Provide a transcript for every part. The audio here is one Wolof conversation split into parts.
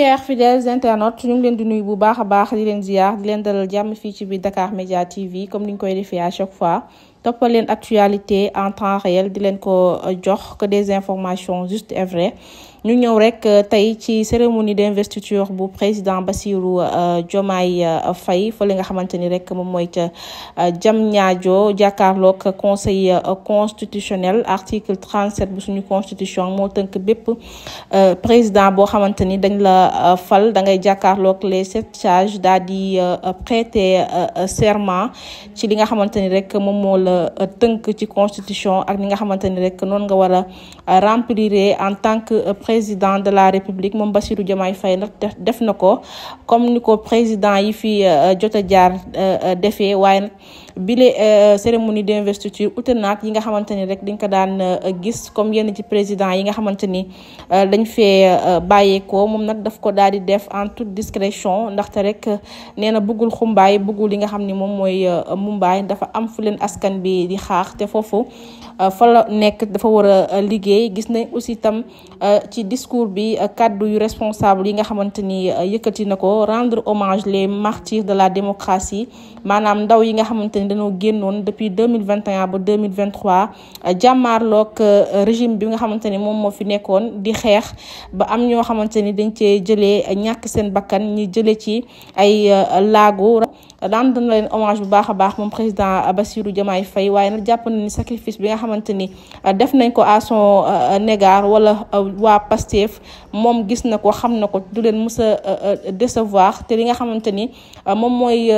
chers fidèles internautes ñu ngi leen di nuyu bu baax a baax di leen ziar di leen dalal jàmm fii ci biir Dakar Media TV comme ni ñu koy defee à chaque fois toppal leen actualité en temps réel di leen ko euh, jox que des informations justes et ñu ñëw rek tey ci cérémonie d'investiture bu président Bassirou euh, Diomaye euh, Faye fa li nga xamante ni rek moom mooy ca Diamniadio jàkkaarloog conseil euh, constitutionnel article 37 bu suñu constitution moo tënk bépp président boo xamante ni dañ la fal dangay jàkkaarlook jàkkaarloog les sept sages daal di prêter serment ci li nga xamante ni rek moom moo la tënk ci constitution ak li nga xamante ni rek noonu nga war a en tant que président de la république moom Bassirou Diomaye Faye nag def na ko comme ni ko président yi fi euh, jot a jaar euh, euh, defee waaye nag bile euh, cérémonie d'investiture ute naag yi nga xamante ni rek dañ ko daan euh, gis comme yenn ci président yi nga xamante ni euh, dañ fee bàyyeekoo moom nag daf ko daal di def en toute discrétion ndaxte rek nee na bëggul xumbaay bëggul li nga xam ni moom mooy mumbaay dafa am fu leen askan bi di xaax te foofu fa la nekk dafa war a liggéey gis nañ aussi tam ci discours bi kàddu yu responsable yi nga xamante ni yëkkati na ko rendre hommage les martyrs de la démocratie yi dañoo génnoon depuis 2021 ba 2023 euh, jàmmaarloog euh, régime bi nga xamante ni moom moo fi nekkoon di xeex ba am ñoo xamante ni dañ cee jëlee ñàkk seen bakkan ñi jëlee ci ay euh, laago daan dañ leen hommage bu baax a baax moom président Bassirou Diomaye Faye waaye nag jàpp na ni sacrifice bi nga xamante ni def nañ ko à son négar wala waa Pastef moom gis na ko xam na ko du leen mës décevoir te li nga xamante ni moom mooy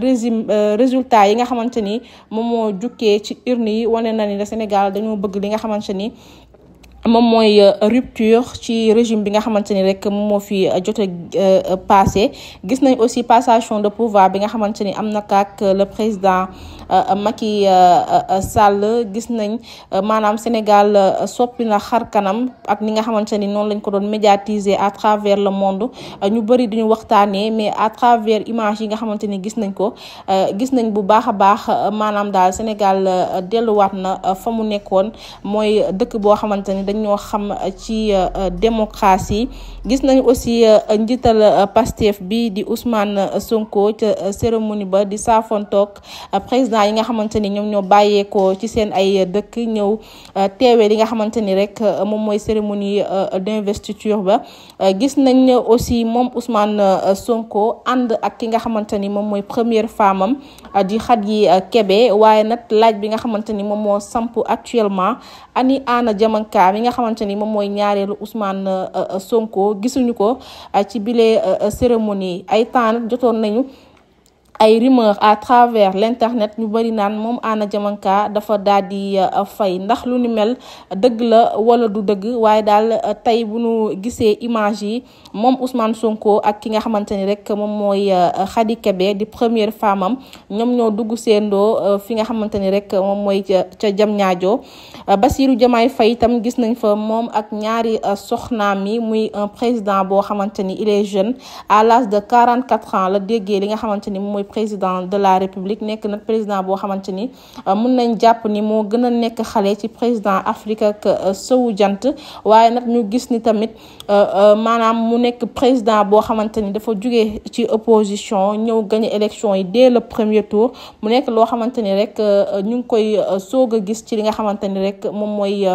résum résultat yi nga xamante ni moom moo jukkee ci urne yi wane na ni le Sénégal dañoo bëgg li nga xamante ni moom mooy euh, rupture ci régime bi nga xamante ni rek moom moo fi euh, jotee a euh, passé gis nañ aussi passation de pouvoir bi nga xamante ni am na kaak le président Macky Sall gis nañ maanaam Sénégal soppi na xar kanam ak ni nga xamante ni noonu lañ ko doon médiatiser à travers le monde ñu bëri duñu waxtaanee mais à travers image yi nga xamante ni gis nañ ko gis nañ bu baax a baax maanaam daal Sénégal delluwaat na fa mu nekkoon mooy dëkk boo xamante ni dañ ñoo xam euh, ci euh, euh, démocratie gis nañ aussi njiital Pastef bi di Ousmane Sonko ca cérémonie ba di saafontoog président yi nga xamante ni ñoom ñoo bàyyeekoo ci seen ay dëkk ñëw teewee li nga xamante ni rek moom mooy cérémonie d'investiture ba gis nañ aussi moom Ousmane Sonko ànd ak ki nga xamante ni moom mooy première femme am di Khady kebe waaye nag laaj bi nga xamante ni moom moo samp actuellement ani Anna Diamanka mi nga xamante ni moom mooy ñaareelu Ousmane euh, euh, Sonko gisuñu ko euh, ci bile cérémonie ay temps jotoon nañu ay rumeur à travers l'internet ñu bëri naan moom na Diamanka dafa daal di euh, fay ndax lu nu mel dëgg la wala du dëgg waaye daal euh, tey bu nu gisee image yi moom Ousmane Sonko ak ki nga xamante ni rek moom mooy euh, Khady di première femme ñoom ñoo dugg seendoo fi nga xamante ni rek moom mooy ca ca Diamniadio Bassirou Diomaye fay itam gis nañ fa moom ak ñaari soxnaam yi muy un président boo xamante ni il est jeune à l'âge de 44 ans la déggee li nga xamante ni mooy président de la république nekk nag président boo xamante ni euh, mun nañ jàpp ni moo gën a nekk xale ci président Afrique ak euh, sowu jant waaye nag ñu gis ni tamit euh, maanaam mu nekk président boo xamante ni dafa jugee ci opposition ñëw gagné élection yi dès le premier tour mu nekk loo xamante ni rek ñu ngi koy soog a gis ci li nga xamante ni rek moom mooy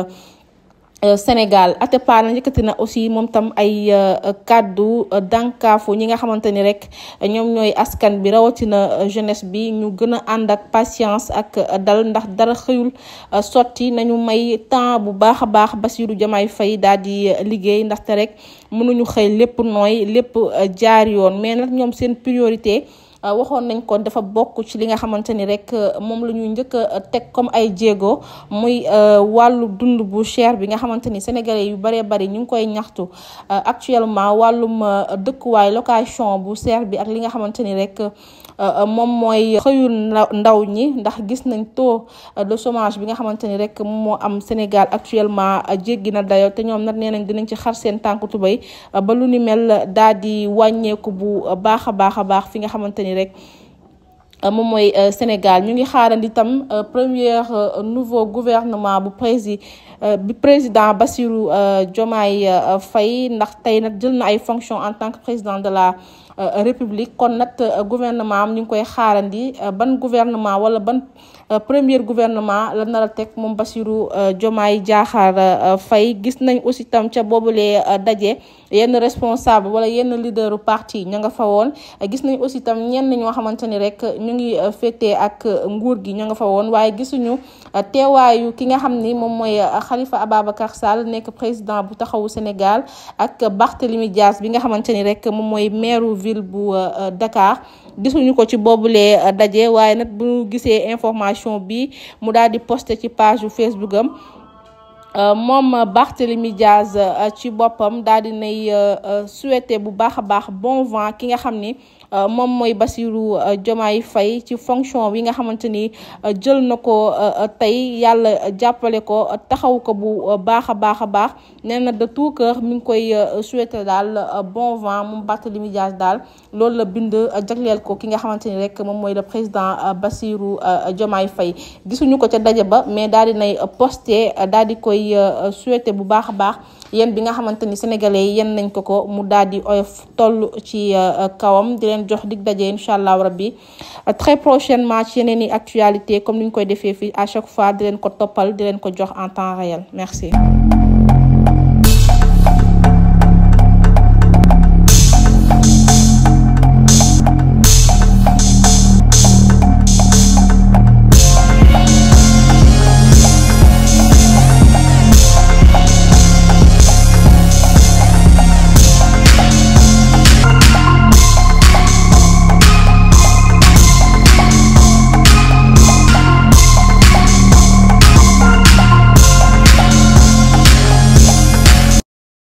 Euh, Sénégal Atépa na njëkkati na aussi moom tam ay euh, kàddu euh, dànkaafu ñi nga xamante ni rek ñoom ñooy askan bi rawatina jeunesse bi ñu gën a ànd ak patience ak dal ndax dara xëyul sotti nañu may temps bu baax a baax basiiru Diomaye fay daal di liggéey ndaxte rek mënuñu xëy lépp nooy lépp jaar yoon mais nag ñoom seen priorité Euh, waxoon nañ ko dafa bokk ci li nga xamante ni rek euh, moom la ñuy njëkk a euh, teg comme ay jéego muy wàllu dund bu cher bi nga xamante ni sénégalais yu baree bari ñu ngi koy ñaxtu actuellement wàllum dëkkuwaay location bu cher bi ak li nga xamante ni rek moom mooy xëyul ndaw ñi ndax gis nañ taux de chômage bi nga xamante ni rek moom moo am Sénégal actuellement jéggi na dayo te ñoom nag nee nañ dinañ ci xar seen tànk tubéy ba lu ni mel daal di wàññeeku bu baax a baax a baax fi nga xamante ni rek euh, moom mooy euh, Sénégal ñu ngi xaarandi itam euh, première nouveau gouvernement bu prési bi président Bassirou Diomaye fay ndax tey nag jël na ay fonctions en tant que président de la Euh, république kon nag euh, gouvernement am ñu ngi koy xaarandi euh, ban gouvernement wala ban premier gouvernement la nar teg moom Bassirou Diomaye Diakhar Faye gis nañ aussi tam ca boobulee daje yenn responsable wala yenn leaderu parti ña nga fa woon gis nañ aussi tam ñenn ñoo xamante ni rek ñu ngi féetee ak nguur gi ña nga fa woon waaye gisuñu teewaayu ki nga xam ni moom mooy Khalifa Ababacar Sall nekk président bu taxawu Sénégal ak Barthélémy Dias bi nga xamante ni rek moom mooy maire ville bu euh, Dakar gisuñu ko ci boobulee euh, daje waaye nag bu gisee information bi mu daal di posté ci page Facebook am euh, moom Barthélemy Diaz ci boppam daal di nay souhaité bu baax a baax bon vent ki nga xam ni Euh, moom mooy Bassirou euh, Diomaye Faye ci fonction bi nga xamante ni euh, jël na ko tey yàlla jàppale ko taxaw ko bu baax a baax a baax nee na de tout cœur mu ngi koy souhaiter daal bon vent moom Barthélémy Dias daal loolu la bind jagleel ko ki nga xamante ni rek moom mooy le président Bassirou Diomaye Faye gisuñu ko ca daje ba mais daal di nay posté daal di koy souhaiter bu baax a baax yéen bi nga xamante ni sénégalais yi yéen nañ ko ko mu daal di oyof toll ci euh, euh, kawam di leen jox dig daje incha allah rabbi euh, très prochainement ci yeneen yi actualité comme ni ñu koy defee fii à chaque fois di leen ko toppal di leen ko jox en temps réel merci